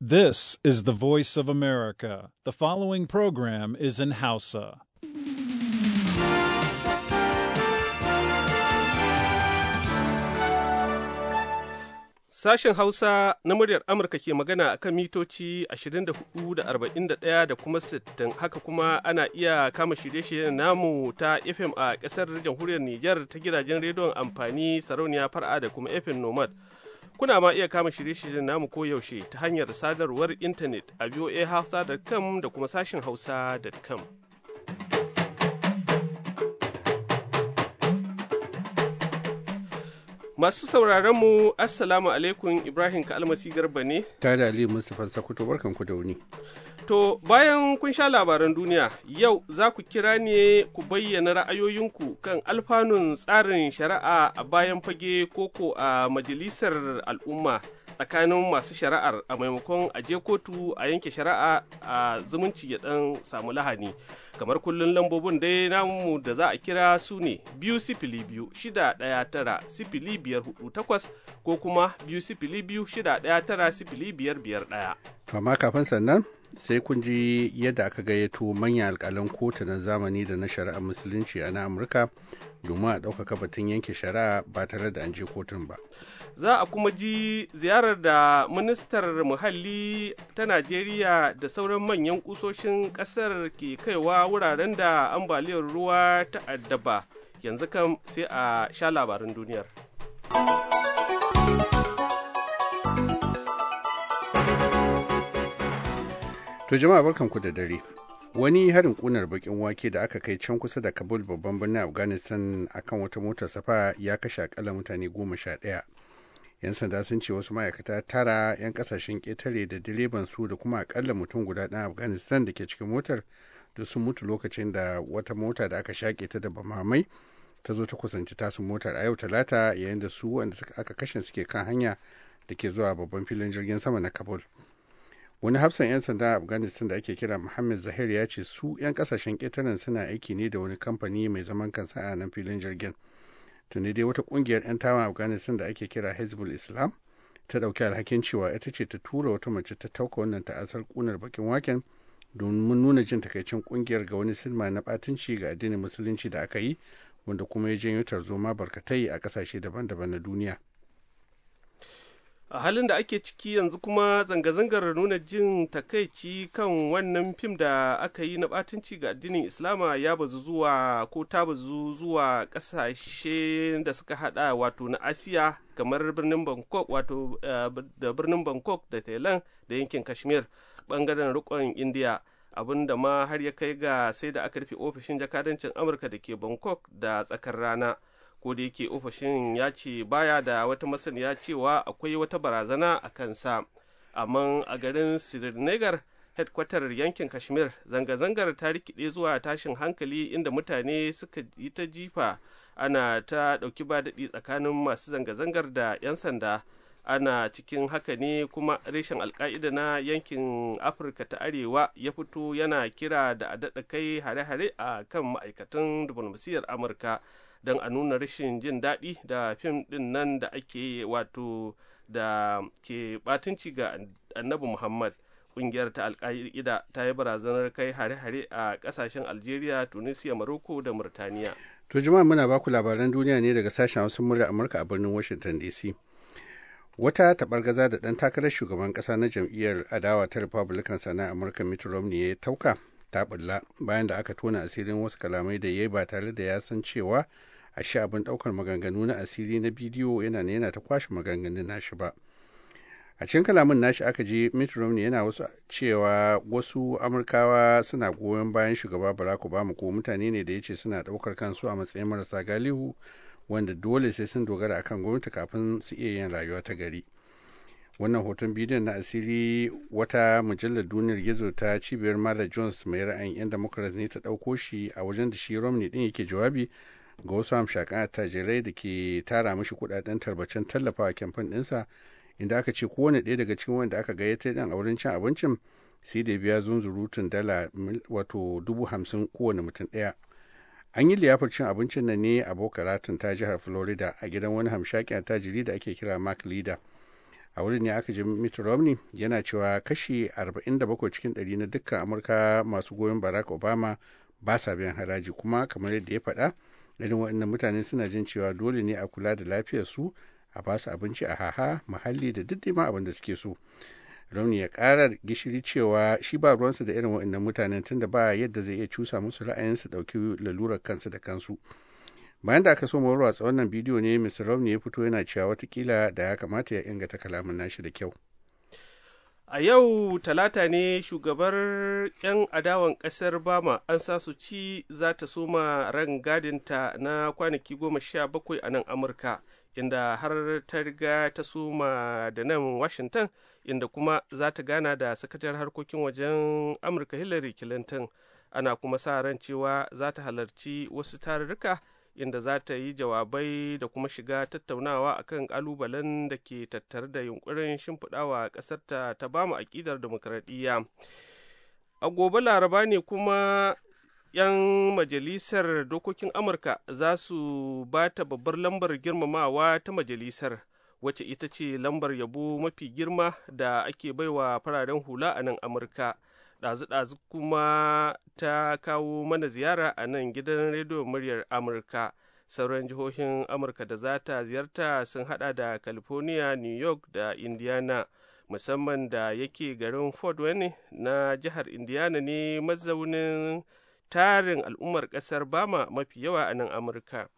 This is the voice of America. The following program is in Hausa. Sashen Hausa na muryar Amurka ke magana akan mitoci 24 da da kuma 60 haka kuma ana iya kama shirye-shiryen namu ta FM a ƙasar jamhuriyar Nijar ta gidajen rediyon amfani sarauniya far'a da kuma FM Nomad. Kuna ma iya kama shirye-shiryen namu ko yaushe ta hanyar sadarwar intanet a voahausa.com da kuma sashin hausa.com. Masu sauraron mu Assalamu alaikum Ibrahim kaalmasi Garba ne. Tare da Ali Mustapha Sakuto barkan da wuni. To bayan kun sha labaran duniya, yau za ku kira ne ku bayyana ra'ayoyinku kan alfanun tsarin shari'a a bayan fage koko a majalisar al'umma tsakanin masu shari'ar a maimakon aje kotu a yanke shari'a a zumunci ya ɗan samu lahani. Kamar kullum lambobin dai namu da za a kira su ne biyu sifili biyu shida ɗaya tara sifili biyar hudu takwas ko kuma biyu sifili biyu shida ɗaya tara sifili biyar biyar ɗaya. kafin sannan sai kun ji yadda aka gayyato manyan alkalan kotu na zamani da na shari'a musulunci a na amurka domin a ɗaukaka batun yanke shari'a ba tare da an je kotun ba za a kuma ji ziyarar da ministar muhalli ta najeriya da sauran manyan kusoshin ƙasar ke kaiwa wuraren da ambaliyar ruwa ta addaba yanzu kam sai a sha labarin duniyar To jama'a ku da dare. Wani harin kunar bakin wake da aka kai can kusa da Kabul babban birnin Afghanistan akan wata motar safa ya kashe akalla mutane goma sha ɗaya. 'Yan sanda sun ce wasu ma'aikata tara 'yan kasashen ƙetare da direban su da kuma akalla mutum guda ɗan Afghanistan da ke cikin motar da sun mutu lokacin da wata mota da aka shaƙe ta da bamamai ta zo ta kusanci tasu motar a yau talata yayin da su wanda aka kashe suke kan hanya da ke zuwa babban filin jirgin sama na Kabul. wani hafsan 'yan sanda a afghanistan da ake kira muhammad zahir ya ce su 'yan kasashen ƙetaren suna aiki ne da wani kamfani mai zaman kansa a nan filin jirgin tuni dai wata kungiyar 'yan tawon afghanistan da ake kira hezbollah islam ta ɗauki alhakin cewa ita ce ta tura wata mace ta tauka wannan ta'asar kunar bakin waken domin nuna jin takaicin kungiyar ga wani sinima na batunci ga addinin musulunci da aka yi wanda kuma ya janyo tarzoma barkatai a kasashe daban-daban na duniya. a halin da ake ciki yanzu kuma zanga-zangar nuna jin takaici kan wannan fim da aka yi na batunci ga addinin islama ya bazu zuwa ko ta bazu zuwa ƙasashe da suka hada wato na asiya kamar birnin bangkok wato eh, da birnin bangkok da thailand da yankin kashmir bangaren rikon indiya abin da ma har ya kai ga sai da aka rufe ofishin jakadancin amurka da ke bangkok da tsakar rana ko da yake ofishin ya ce baya da wata masaniya cewa akwai wata barazana a kansa amma a garin srinagar hedkwatar yankin kashmir zanga-zangar ta rikide zuwa tashin hankali inda mutane suka yi ta jifa ana ta ɗauki daɗi tsakanin masu zanga-zangar da 'yan sanda ana cikin haka ne kuma reshen alka'ida na yankin afirka ta arewa ya fito yana kira da a kai hare-hare a kan ma'aikatan diflomasiyyar amurka don a nuna rashin jin daɗi da fim ɗin nan da ake wato da ke batunci ga annabi muhammad ƙungiyar ta alƙa'ida ta yi barazanar kai hare-hare a ƙasashen algeria tunisia morocco da murtaniya to jima'a muna baku labaran duniya ne daga sashen wasu murya amurka a birnin washington dc wata taɓargaza da ɗan takarar shugaban ƙasa na jam'iyyar adawa ta republican sana amurka mitt romney ya tauka ta bayan da aka tona asirin wasu kalamai da ya yi ba tare da ya san cewa a shi abin daukar maganganu na asiri na bidiyo yana ne yana ta kwashe maganganun nashi ba a cikin kalamin nashi aka je mitt romney yana wasu cewa wasu amurkawa suna goyon bayan shugaba barack obama ko mutane ne da ya ce suna daukar kansu a matsayin marasa galihu wanda dole sai sun dogara akan gwamnati kafin su iya yin rayuwa ta gari wannan hoton bidiyon na asiri wata mujallar duniyar gizo ta cibiyar mala jones mai ra'ayin yan democrats ne ta dauko shi a wajen da shi romney din yake jawabi ga wasu hamshakan attajirai da ke tara mashi kudaden tarbacen tallafawa kyamfan ɗinsa inda aka ce kowane ɗaya daga cikin wanda aka gayyata ɗan a wurin cin abincin sai da biya zunzurutun dala wato dubu hamsin kowane mutum ɗaya an yi liyafar cin abincin nan ne a boca raton ta jihar florida a gidan wani hamshakin tajiri da ake kira mark leader a wurin ne aka ji mitt romney yana cewa kashi 47 cikin 100 na dukkan amurka masu goyon barack obama ba sa biyan haraji kuma kamar yadda ya faɗa irin waɗannan mutane suna jin cewa dole ne a kula da lafiyarsu a ba su abinci a haha muhalli da duk ma abin da suke so rauni ya kara gishiri cewa shi ba ruwansa da irin waɗannan mutanen tunda ba yadda zai iya cusa musu ra'ayinsu ɗauki lalurar kansu da kansu bayan da aka so mawar tsawon wannan bidiyo ne mr Rauni ya fito yana cewa watakila da ya kamata ya inganta kalamin nashi da kyau A yau talata ne shugabar 'yan adawan ƙasar Bama an sa su ci za ta soma ran gadinta na kwanaki goma sha bakwai a nan Amurka, inda har ta riga ta soma da nan Washington, inda kuma za ta gana da sakatar harkokin wajen Amurka Hillary Clinton. Ana kuma sa ran cewa za ta halarci wasu tarurruka inda za ta yi jawabai da kuma shiga tattaunawa a kan kalubalen da ke tattare da yunkurin shimfiɗawa ƙasarta ta ba mu aƙidar demokradiyya a gobe laraba ne kuma 'yan majalisar dokokin amurka za su ba ta babbar lambar girmamawa ta majalisar wacce ita ce lambar yabo mafi girma da ake baiwa fararen hula a nan amurka ɗazu-ɗazu kuma ta kawo mana ziyara a nan gidan rediyo muryar amurka sauran jihohin amurka da za ta ziyarta sun hada da california new york da indiana musamman da yake garin fort wayne na jihar indiana ne mazaunin tarin al'ummar ƙasar bama mafi yawa a nan amurka.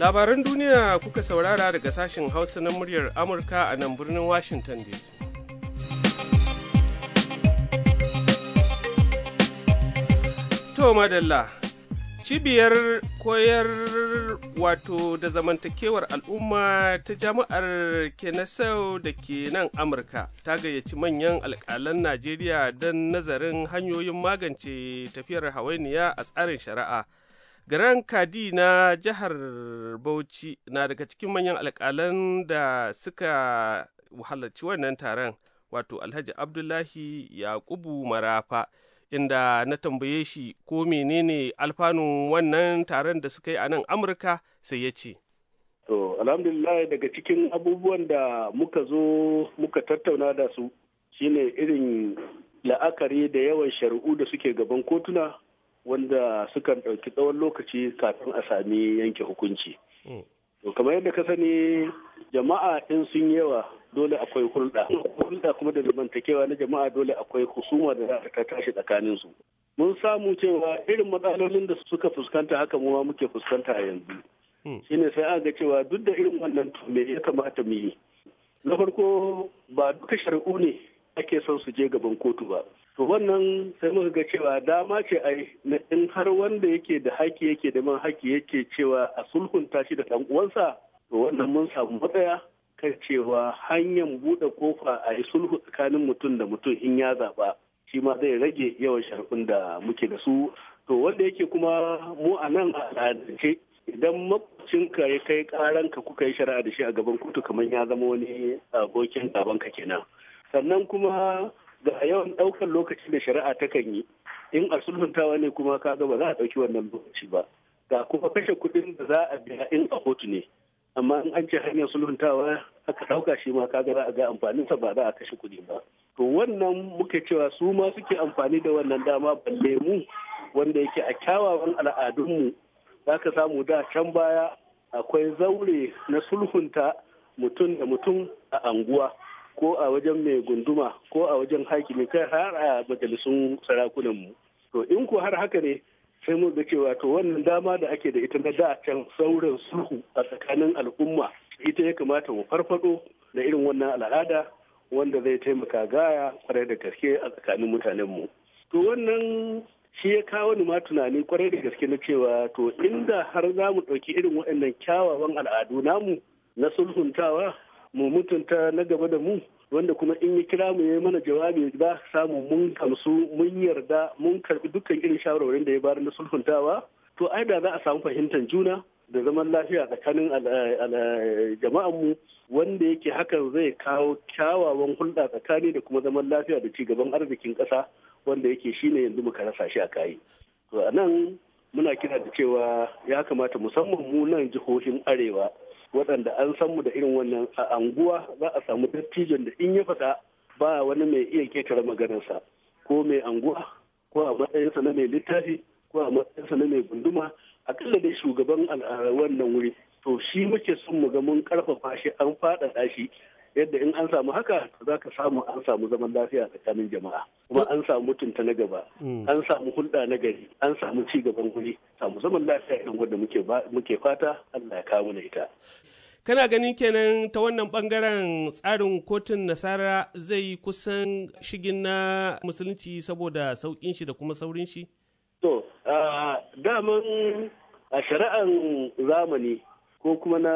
labaran duniya kuka saurara daga sashen hausa na muryar amurka a nan birnin washington dc to madalla cibiyar koyar wato da zamantakewar al'umma ta jami'ar Kenesaw da ke nan amurka ta gayyaci manyan alƙalan najeriya don nazarin hanyoyin magance tafiyar hawainiya a tsarin shari'a Garan Kadi na jihar Bauchi na daga cikin manyan alkalan da suka halarci wannan taron, wato Alhaji Abdullahi Yakubu Marafa, inda na tambaye shi ko menene alfanu wannan taron da suka yi a nan Amurka sai ya ce. To, alhamdulillah daga cikin abubuwan da muka zo muka tattauna da su shine irin la'akari da yawan shari'u da suke gaban kotuna wanda sukan ɗauki tsawon lokaci kafin a sami yanke hukunci. Hmm. To kamar yadda ka sani jama'a in sun yawa dole akwai hulɗa. Hulɗa kuma da zamantakewa na jama'a dole akwai husuma da za ta tashi tsakanin su. Mun samu cewa irin matsalolin da suka fuskanta haka mu muke fuskanta a yanzu. Hmm. Shine sai aka ga cewa duk da irin wannan to me ya kamata mu yi. Na farko ba duka shari'u ne ake son su je gaban kotu ba. to wannan sai muka ga cewa dama ce ai na in har wanda yake da haƙi yake da man haƙi yake cewa a sulhunta shi da ɗan uwansa to wannan mun samu matsaya kan cewa hanyar buɗe kofa a yi sulhu tsakanin mutum da mutum in ya zaɓa shi ma zai rage yawan sharfin da muke da su to wanda yake kuma mu a nan a al'adance idan ka ya kai ƙaranka kuka yi shari'a da shi a gaban kotu kamar ya zama wani abokin gabanka kenan sannan kuma ga yawan ɗaukar lokaci da shari'a ta kan yi in a sulhuntawa ne kuma ka ga ba za a ɗauki wannan lokaci ba ga kuma kashe kuɗin da za a biya in a kotu ne amma in an ce hanyar sulhuntawa aka dauka shi ma ka ga za a ga sa ba za a kashe kuɗi ba to wannan muke cewa su ma suke amfani da wannan dama balle mu wanda yake a kyawawan al'adunmu za ka samu da can baya akwai zaure na sulhunta mutum da mutum a anguwa ko a wajen mai gunduma ko a wajen hakimi kai har a majalisun sarakunanmu to in ko har haka ne sai mu ga cewa to wannan dama da ake da ita na da can sauran sulhu a tsakanin al'umma ita ya kamata mu farfado da irin wannan al'ada wanda zai taimaka gaya kwarai da gaske a tsakanin mutanenmu to wannan shi ya kawo ni ma tunani kwarai da gaske na cewa to inda har za mu ɗauki irin waɗannan kyawawan al'adu namu na sulhuntawa mu mutunta na gaba da mu wanda kuma in ya kira mu ya mana jawabi ba samu mun kamsu mun yarda mun karbi dukkan irin shawarwarin da ya bayar na sulhuntawa to ai da za a samu fahimtar juna da zaman lafiya tsakanin mu wanda yake hakan zai kawo kyawawan hulɗa tsakani da kuma zaman lafiya da ci gaban arzikin ƙasa wanda yake shine yanzu muka rasa shi a kayi to a nan muna kira da cewa ya kamata musamman mu nan jihohin arewa waɗanda an san mu da irin wannan a anguwa za a samu dattijon da in ya fata ba wani mai iya ketare maganarsa ko mai anguwa ko a matsayinsa na mai littafi ko a matsayinsa na mai gunduma akalla dai shugaban wannan wuri to shi muke son mu ga mun karfafa shi an faɗaɗa shi yadda in an samu haka za ka samu an samu zaman lafiya tsakanin jama'a kuma an samu mutunta na gaba hmm. an samu hulɗa na gari an samu ci gaban guri samu zaman lafiya irin wanda muke fata Allah ya kawo na ita kana ganin kenan ta wannan bangaren tsarin kotun nasara zai kusan shigin na musulunci saboda saukin shi da kuma saurin shi to daman a shari'an zamani ko kuma na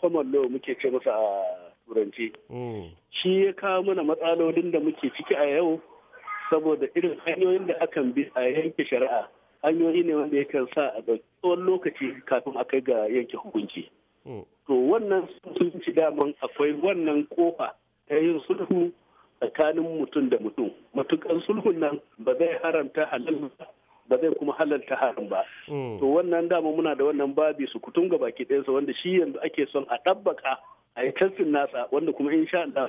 common law muke ce masa a turance mm. shi ya kawo mana matsalolin da muke ciki a yau saboda irin hanyoyin da akan bi a yanke shari'a hanyoyi ne wanda yakan sa a ɗauki tsawon lokaci kafin a kai ga yanke hukunci mm. to wannan sun ci daman akwai wannan kofa ta yin sulhu tsakanin mutum da mutum matukan sulhun nan ba zai haramta halal ba zai kuma halalta harin ba mm. to wannan dama muna da wannan babi su kutum ga baki ɗayansa wanda shi yanzu ake son a ɗabbaka a yi tafsin nasa wanda kuma insha Allah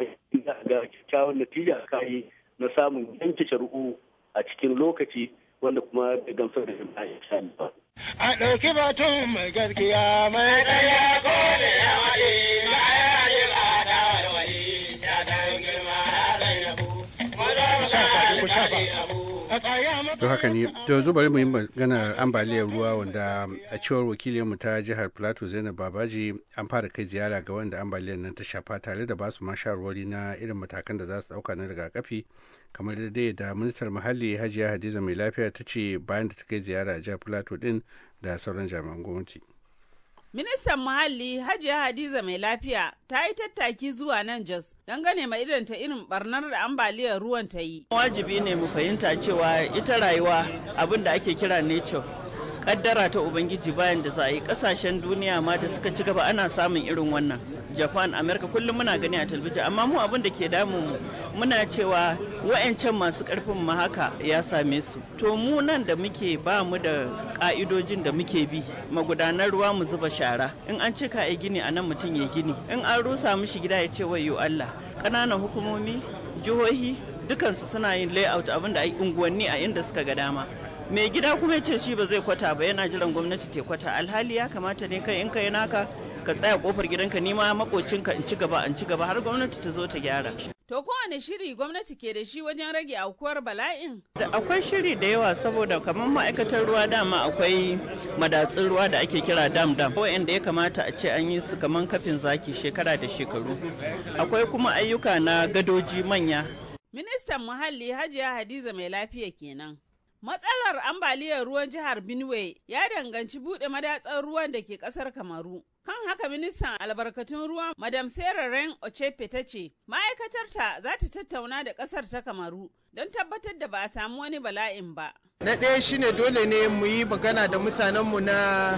ga kyakkyawan natija kayi na samun yanke shari'u a cikin lokaci wanda kuma da gamsar da jama'a sha ba. a ɗauki batun mai gaskiya mai ɗaya ko da yawali ma'ayin adawar wali ya yi girma ya zainabu mu zama sa da abu to haka ne to yanzu mu yi maganar ambaliyar ruwa wanda a cewar wakilinmu ta jihar plateau zainab babaji an fara kai ziyara ga wanda ambaliyar nan ta shafa tare da basu ma shawarwari na irin matakan da za su dauka na rigakafi kamar dai da ministar muhalli hajiya hadiza mai lafiya ta ce bayan da ta kai ziyara a jihar plateau din da sauran jami'an gwamnati Ministan Muhalli Hajiya Hadiza mai lafiya ta yi tattaki zuwa nan Jos don gane mai irin ta irin barnar da ambaliyar ruwan ta yi. Wajibi ne mu fahimta cewa ita rayuwa abin da ake kira nature kaddara ta ubangiji bayan da za a yi kasashen duniya ma da suka ci gaba ana samun irin wannan japan america kullum muna gani a talbijin amma mu abin da ke damu muna cewa wa'ancan masu karfin ma haka ya same su to mu nan da muke ba mu da ka'idojin da muke bi magudanar ruwa mu zuba shara in an cika ya gini a nan mutum ya gini in an rusa mishi gida ya ce wayo allah ƙananan hukumomi jihohi dukansu suna yin layout abin da unguwanni a inda suka ga dama mai gida kuma ya ce shi ba zai kwata ba yana jiran gwamnati ta kwata alhali ya kamata ne kai in kai naka ka tsaya kofar gidanka nima makocinka in ci gaba in ci gaba har gwamnati ta zo ta gyara To kowane shiri gwamnati ke da shi wajen rage aukuwar bala'in? Akwai shiri da yawa saboda kamar ma'aikatar ruwa dama akwai madatsun ruwa da ake kira dam dam. Wa'anda ya kamata a ce an yi su kamar kafin zaki shekara da shekaru. Akwai kuma ayyuka na gadoji manya. Ministan muhalli Hajiya Hadiza mai lafiya kenan. Matsalar ambaliyar ruwan jihar Benue ya danganci buɗe madatsar ruwan da ke ƙasar Kamaru. Kan haka ministan albarkatun ruwa Madam Sarah Ren Ochepe ta ce, ma'aikatarta za ta tattauna da ƙasar ta Kamaru don tabbatar da ba a samu wani bala'in ba. Na ɗaya shine dole ne mu yi magana da mutanenmu na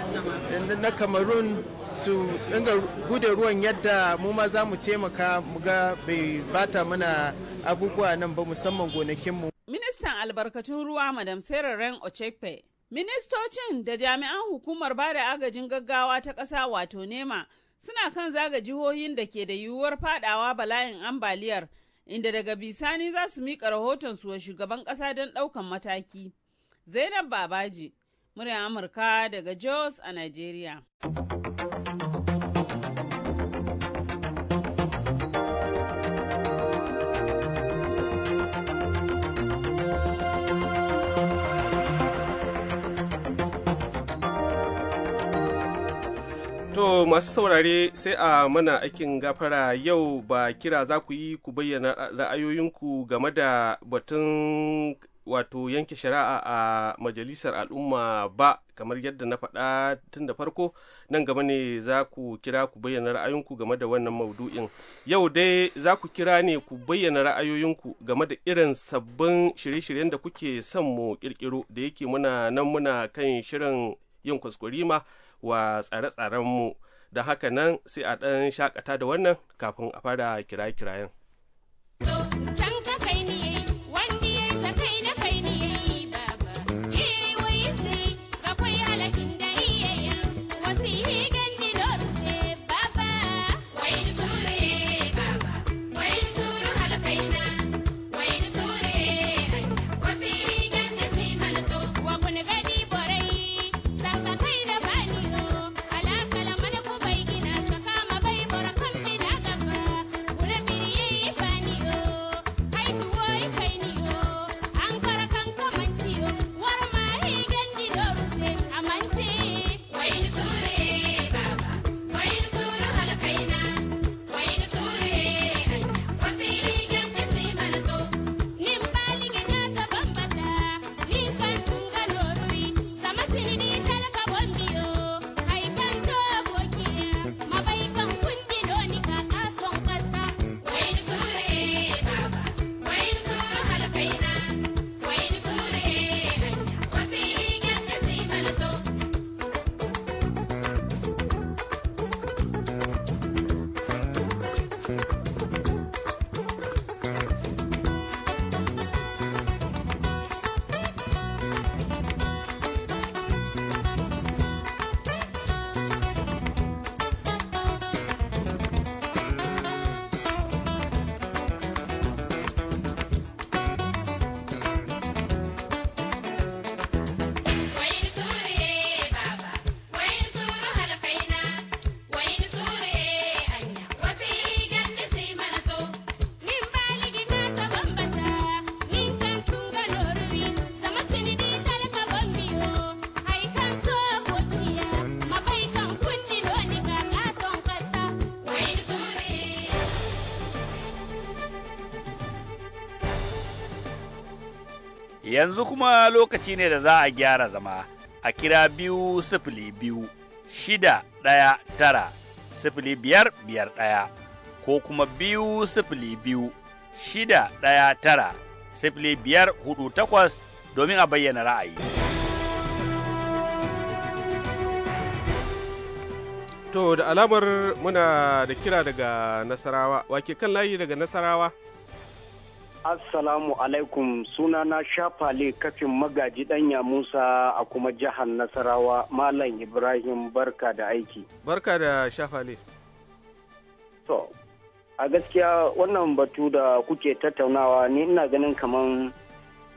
na Kamarun su dinga gude ruwan yadda mu ma za mu taimaka mu ga bai bata mana abubuwa nan ba musamman gonakinmu. Ministan albarkatun ruwa Madam Sarah Ren Ochepe. Ministocin da jami'an hukumar ba da agajin gaggawa ta ƙasa wato nema suna kan zaga jihohin da ke da yiwuwar fadawa bala'in ambaliyar inda daga bisani za su miƙa rahotonsu wa shugaban ƙasa don ɗaukan mataki. Zainab Babaji, murya Amurka daga Jos a Najeriya. To masu saurare sai a mana aikin gafara yau ba kira za ku yi ku bayyana ra'ayoyinku game da batun wato yanke shari'a a majalisar al'umma ba kamar yadda na faɗa tun da farko nan gaba ne za ku kira ku bayyana ra'ayoyinku game da wannan maudu'in yau dai za ku kira ne ku bayyana ra'ayoyinku game da irin sabbin shirye-shiryen da kuke son mu kirkiro da yake muna nan muna kan shirin yin ma wa tsare-tsarenmu da haka nan sai a ɗan shakata da wannan kafin a fara kiraye-kirayen. yanzu kuma lokaci ne da za a gyara zama a kira biyu sifili biyu shida ɗaya tara sifili biyar biyar ɗaya ko kuma biyu sifili biyu shida ɗaya tara sifili biyar hudu takwas domin a bayyana ra'ayi. To da alamar muna da kira daga Nasarawa, wake kan layi daga Nasarawa? Assalamu alaikum suna na shafale kafin magaji danya Musa a kuma jihar Nasarawa Malam Ibrahim barka da aiki. Barka da shafale. To, a gaskiya wannan batu da kuke tattaunawa ni ina ganin kaman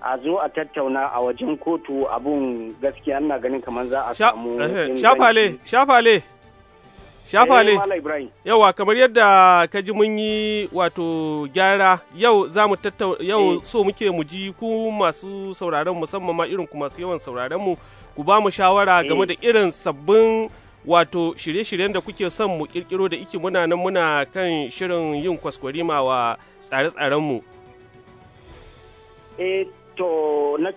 a zo a tattauna a wajen kotu abun gaskiya ina ganin kaman za a samu. Eh, shafale, shafale. Shafale, eh, yawa kamar yadda ka ji mun yi wato gyara yau za mu yau eh. so muke mu ji ku masu sauraron musamman ma irin ku masu yawan sauraron mu ku ba mu shawara eh. game da irin sabbin wato shirye-shiryen da kuke son mu kirkiro da iki muna nan muna kan shirin yin kwaskwarima wa tsare-tsarenmu. Eh to na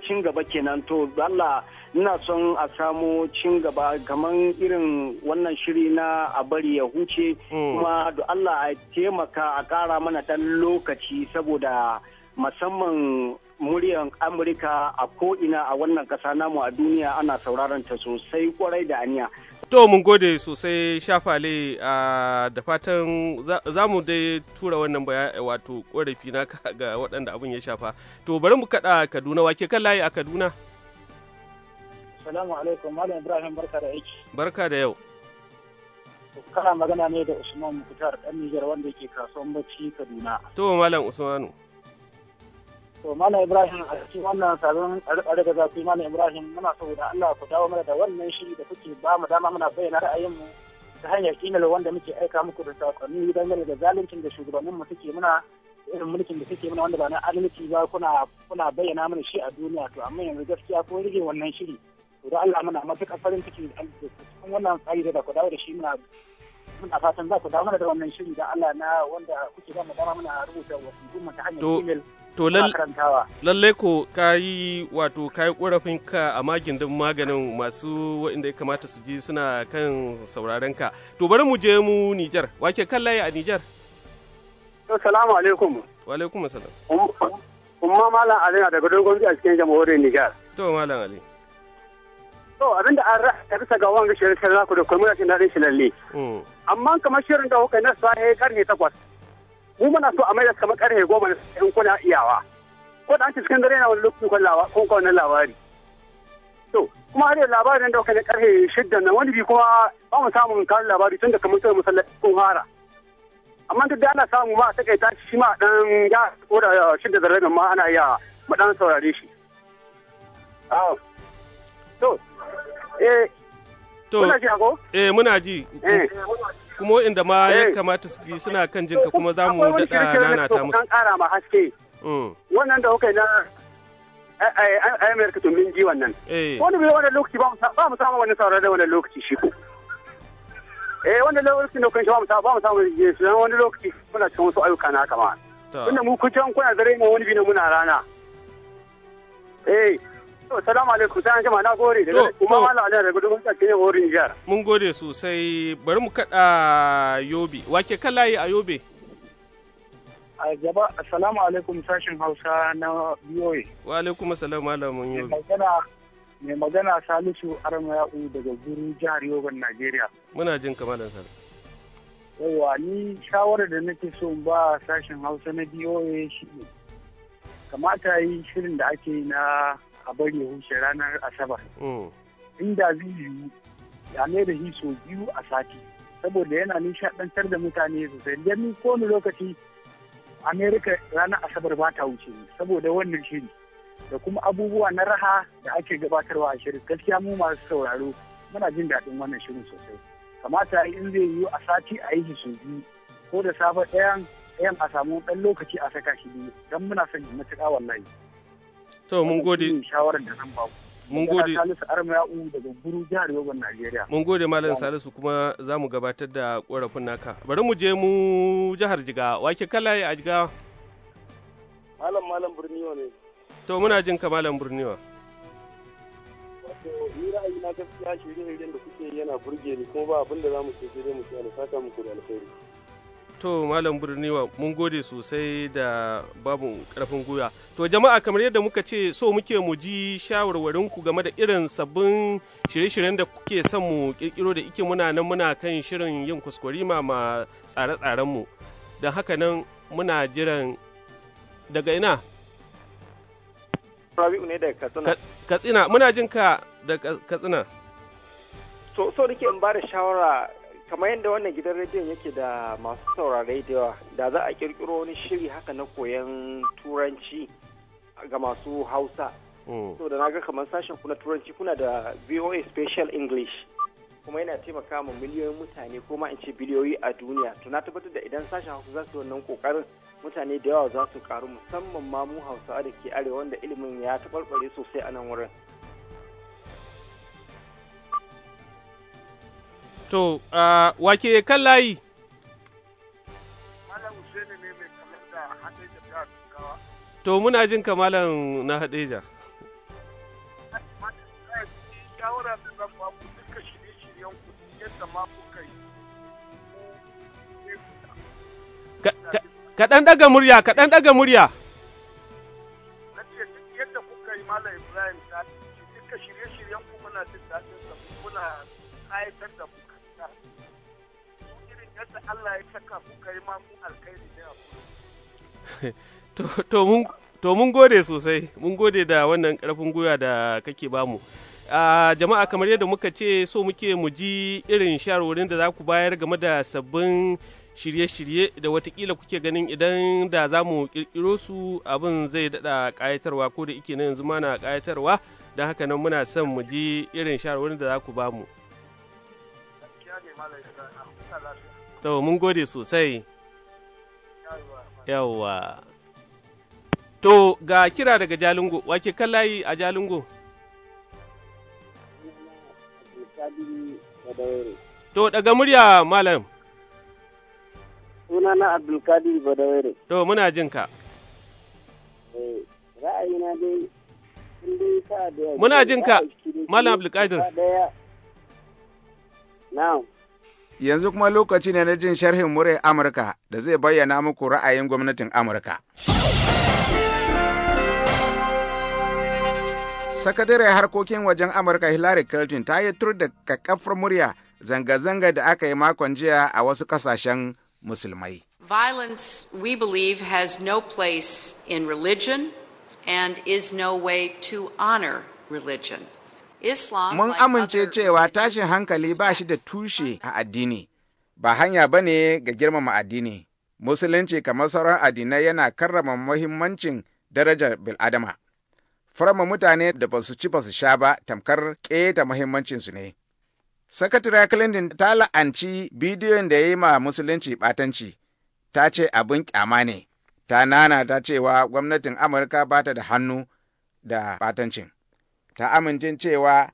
cin gaba kenan to Allah ina son a samu cin gaba kamar irin wannan shiri na a bari ya huce mm. kuma da Allah a taimaka a ƙara mana ɗan lokaci saboda musamman muryan amurka a ko'ina a wannan ƙasa namu a duniya ana sauraron ta sosai kwarai da aniya to mun gode sosai shafale ah, da fatan za mu dai tura wannan wato korafi na ga waɗanda abin ya shafa to bari mu kaɗa kaduna wake kan layi a kaduna Salamu alaikum, Malam Ibrahim barka da aiki. Barka da yau. Kana magana ne da Usman Mukhtar ɗan Nijar wanda yake kasuwan bacci Kaduna. To Malam Usmanu. To Malam Ibrahim a cikin wannan sabon tsare-tsare da zafi Malam Ibrahim muna da Allah ku dawo mana da wannan shiri da kuke ba mu dama muna bayyana ra'ayinmu ta hanyar ƙinar wanda muke aika muku da sakonni dangane da zaluncin da mu suke muna irin mulkin da suke mana wanda ba na adalci ba kuna kuna bayyana mana shi a duniya to amma yanzu gaskiya ko rige wannan shiri da Allah muna matuƙar farin ciki da cikin wannan tsari da ku dawo da shi muna muna fatan za ku dawo mana da wannan shiri da Allah na wanda kuke da mu muna rubuta wasu mu ta hanyar email to lalle ko ka yi wato ka yi ƙorafin ka a magindin maganin masu waɗanda ya kamata su ji suna kan sauraren ka to bari mu je mu Nijar wake kan layi a Nijar Assalamu alaikum wa alaikum assalam um, um, umma malam Ali na daga dogon a cikin jamhuriyar Nijar to malam Ali To abin da an ra'aka bisa ga wanga shirin kan naku da kuma rashin da shi lalle. Mm. Amma kamar shirin da kuka na safe karfe takwas. Mu muna so a maida kamar karhe goma na in kuna iyawa. Ko da an ci cikin dare na wani lokaci kun lawa kun kawo labari. To kuma har yanzu labarin da kuka na karhe shidda na wani bi kuma ba mu samun kawo labari tun da kamar sai masallaci kun fara. Amma duk da ana samu ma a ta shi ma dan ya ko da shidda zarranin ma ana iya mu dan saurare shi. To Eh, to. Eh muna ji. Eh. Kuma inda ma ya eh. kamata su ji suna kan jinka kuma za mu daɗa nana ta musu. Akwai ƙara ma haske. Mm. Wannan da kuka na Amerika tun ji wannan. Wani bai wani lokaci ba mu samu wani saurari da wani lokaci shi ko. eh wani lokaci da kun shi ba mu samu ba mu yesu dan wani lokaci muna cikin wasu ayyuka na kama tunda mu kujan kuna zare ne wani bi na muna rana eh Salamu alaikum sai an jima na gore da kuma mala alai daga gudun sarki wurin jihar. Mun gode sosai bari mu kaɗa Yobe. Wake kalaye a Yobe? A gaba assalamu alaikum sashin Hausa na biyoyi. Wa alaikum assalam malamin Yobe. Mai magana Salisu ya'u daga Guru jihar Yobe Najeriya. Muna jin kamalan Salisu. Yawwa ni shawarar da nake so ba sashin Hausa na biyoyi shi ne. Kamata yi shirin da ake na a bari ya ranar asabar mm. inda zai yiwu a mai da shi sau biyu a sati saboda yana nishaɗantar da mutane sosai don ni kowane lokaci amerika ranar asabar ba ta wuce saboda wannan shiri da kuma abubuwa na raha da ake gabatarwa a shirin gaskiya mu masu sauraro muna jin daɗin wannan shirin sosai kamata in zai yiwu a sati a yi su biyu ko da safe ɗayan ɗayan a samu ɗan lokaci a saka shi biyu don muna son matuƙa wallahi. To mun gode. Shawarar da zan mun gode mun gode malam salisu kuma za mu gabatar da korafin naka bari mu je mu jihar jiga wake kalaye a jiga malam malam birniwa ne to muna jin ka malam birniwa ni ra'ayi na gaskiya shirye-shiryen da kuke yana burge ni kuma ba abin da za mu ce sai dai mu ci alfaka muku da alheri. to malam birniwa mun gode sosai da babu karfin gwiwa to jama'a kamar yadda muka ce so muke mu ji shawarwarinku game da irin sabbin shirye-shiryen da kuke son mu kirkiro da ike muna nan muna kan shirin yin kuskure ma tsare-tsarenmu don haka nan muna jiran daga ina Rabi'u ne daga Katsina. Katsina, muna jin ka da Katsina. So, so da ke in ba da shawara kamar yadda wannan gidan rediyon yake da masu saurare da yawa da za a kirkiro wani shiri haka na koyan turanci ga masu hausa mm. so da na ga kamar sashen kuna turanci kuna da voa special english kuma yana taimaka ma miliyoyin mutane ko ma in ce biliyoyi a duniya to na tabbatar da idan sashen hausa za su wannan kokarin mutane da yawa za su karu musamman ma mu hausawa da ke arewa wanda ilimin ya taɓarɓare sosai a nan wurin To, uh, wake kan layi? Malam ne mai kamar da Hadeja ta To, muna jin kamalan na Hadeja. da Kaɗan ɗaga murya, kaɗan ɗaga murya. Na Ibrahim ta irin to mun gode sosai mun gode da wannan karfin gwiwa da kake bamu Uh, jama'a kamar yadda muka ce so muke mu ji irin shawarwarin da za ku bayar game da sabbin shirye-shirye da watakila kuke ganin idan da za mu kirkiro su abin zai daɗa ƙayatarwa ko da ike na yanzu mana ƙayatarwa don haka nan muna son mu ji irin shawarwarin da za ku bamu. To, mun gode sosai. Yawwa. To, ga kira daga Jalingo, wake kallayi a Jalingo? To, daga murya malam. Sunana Abdulkadir Badawere. To, muna jinka. Eh, ra'ayina dai, Muna jinka, malam Abdulkadir. Na'am. yanzu kuma lokaci ne na jin sharhin murai Amurka da zai bayyana muku ra'ayin gwamnatin Amurka. Sakadare harkokin wajen Amurka Hillary Clinton ta yi tur da kakafar murya zanga-zanga da aka yi makon jiya a wasu kasashen musulmai. Violence, we believe, has no place in religion and is no way to honor religion. Mun amince cewa tashin hankali ba shi da tushe a addini, ba hanya ba ne ga girmama addini. Musulunci kamar sauran addinai yana karrama muhimmancin darajar bil'adama. Farma mutane da ba su ci ba su sha ba tamkar keta muhimmancinsu ne. Sakatare Clinton ta la'anci bidiyon da ya yi ma musulunci batanci, ta ce abin ƙyama ne, ta nana ta cewa gwamnatin Amurka ba ta da hannu da batancin. ta amincin cewa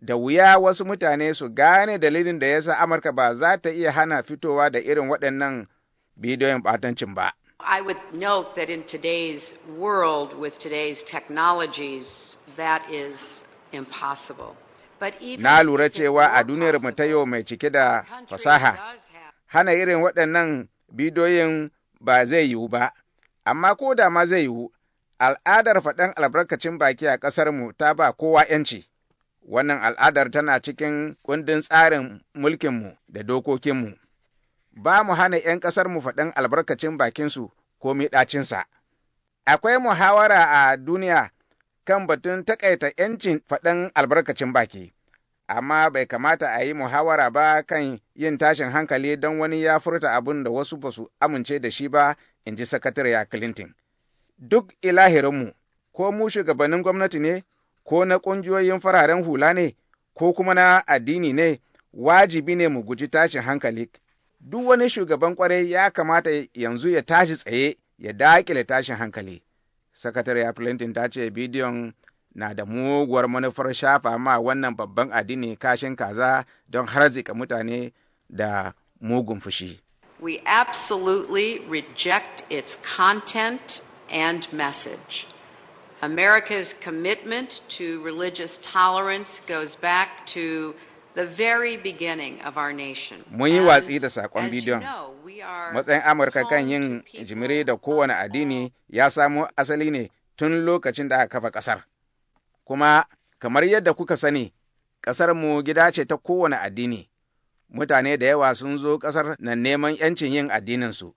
da wuya wasu mutane su gane dalilin da ya yasa Amurka ba za ta iya hana fitowa da irin waɗannan bidiyon ɓatancin ba. I would note that in today's world with today's technologies that is impossible. Na lura cewa a duniyar mu ta yau mai cike da fasaha, hana irin waɗannan bidiyoyin ba zai yiwu ba, amma ko da ma zai yiwu, Al'adar faɗan albarkacin baki a ƙasarmu ta ba kowa ‘yanci. Wannan al'adar tana cikin kundin tsarin mulkinmu da dokokinmu. Ba mu hana ‘yan ƙasarmu faɗan albarkacin bakinsu ko miɗacinsa. Akwai muhawara a duniya kan batun takaita ‘yancin faɗan albarkacin baki. amma bai kamata a yi muhawara ba kan yin tashin hankali don wani ya furta abin da wasu ba su amince da shi ba, in ji sakatariya Clinton. duk ilahirinmu, ko mu shugabannin gwamnati ne, ko na ƙungiyoyin fararen hula ne, ko kuma na addini ne, wajibi ne mu guji tashin hankali. Duk wani shugaban kwarai ya kamata yanzu ya tashi tsaye ya daƙile tashin hankali. Sakatariya Plintin ta ce bidiyon na da muguwar manufar shafa ma wannan babban addini kashin kaza don harzika mutane da mugun fushi. We absolutely reject its content and message. America's commitment to religious tolerance goes back to the very beginning of our nation. Mun yi watsi da saƙon bidiyon. Matsayin Amurka kan yin jimire da kowane ya samo asali ne tun lokacin da aka kafa Kuma kamar yadda kuka sani, gida ce ta kowane Mutane da yawa sun zo na neman ‘yancin yin addininsu,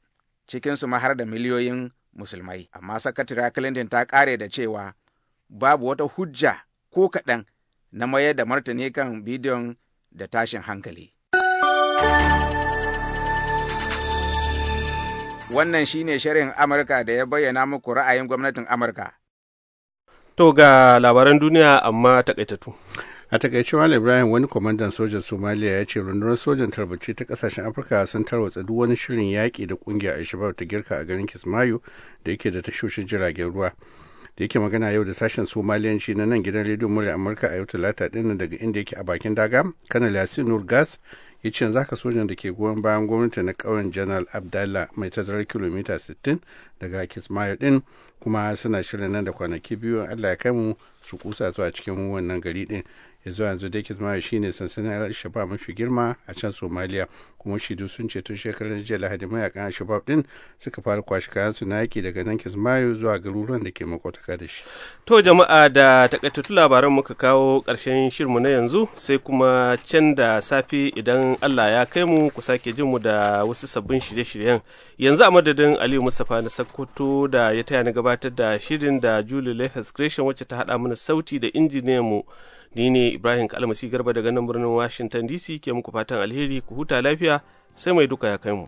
cikinsu ma har da miliyoyin musulmai amma sakatariya clinton ta ƙare da cewa babu wata hujja ko kaɗan na mayar da martani kan bidiyon da tashin hankali wannan shine shirin amurka da ya bayyana muku ra'ayin gwamnatin amurka to ga labaran duniya amma takaitattu a takaice wal ibrahim wani kwamandan sojan somaliya ya ce rundunar sojan tarbace ta kasashen afirka sun tarwatsa duk wani shirin yaƙi da a shabab ta girka a garin kismayo da yake da tashoshin jiragen ruwa da yake magana yau da sashen somaliyanci na nan gidan rediyo murya amurka a yau talata ɗin daga inda yake a bakin daga kanal yasin nur gas ya ce zaka sojan da ke goyon bayan gwamnati na ƙauyen janar abdallah mai tazarar kilomita 60 daga kismayo din kuma suna shirin nan da kwanaki biyu allah ya kai mu su kusa zuwa cikin wannan gari din ya zuwa yanzu dai shi ne sansanin al-shabab mafi girma a can somaliya kuma shidu sun ce tun shekarar jiya lahadi mayakan al-shabab din suka fara kwashe kayan su naki daga nan kismayo zuwa garuruwan da ke makwataka da shi to jama'a da takaitattun labaran muka kawo karshen shirmu na yanzu sai kuma can da safe idan allah ya kai mu ku sake jin mu da wasu sabbin shirye-shiryen yanzu a madadin aliyu mustapha na sakkwato da ya taya na gabatar da shirin da julie lefes creation wacce ta haɗa mana sauti da injiniyan mu Ni ne Ibrahim Kalmasi Garba daga nan birnin Washington DC ke muku fatan alheri ku huta lafiya sai mai duka ya kai mu.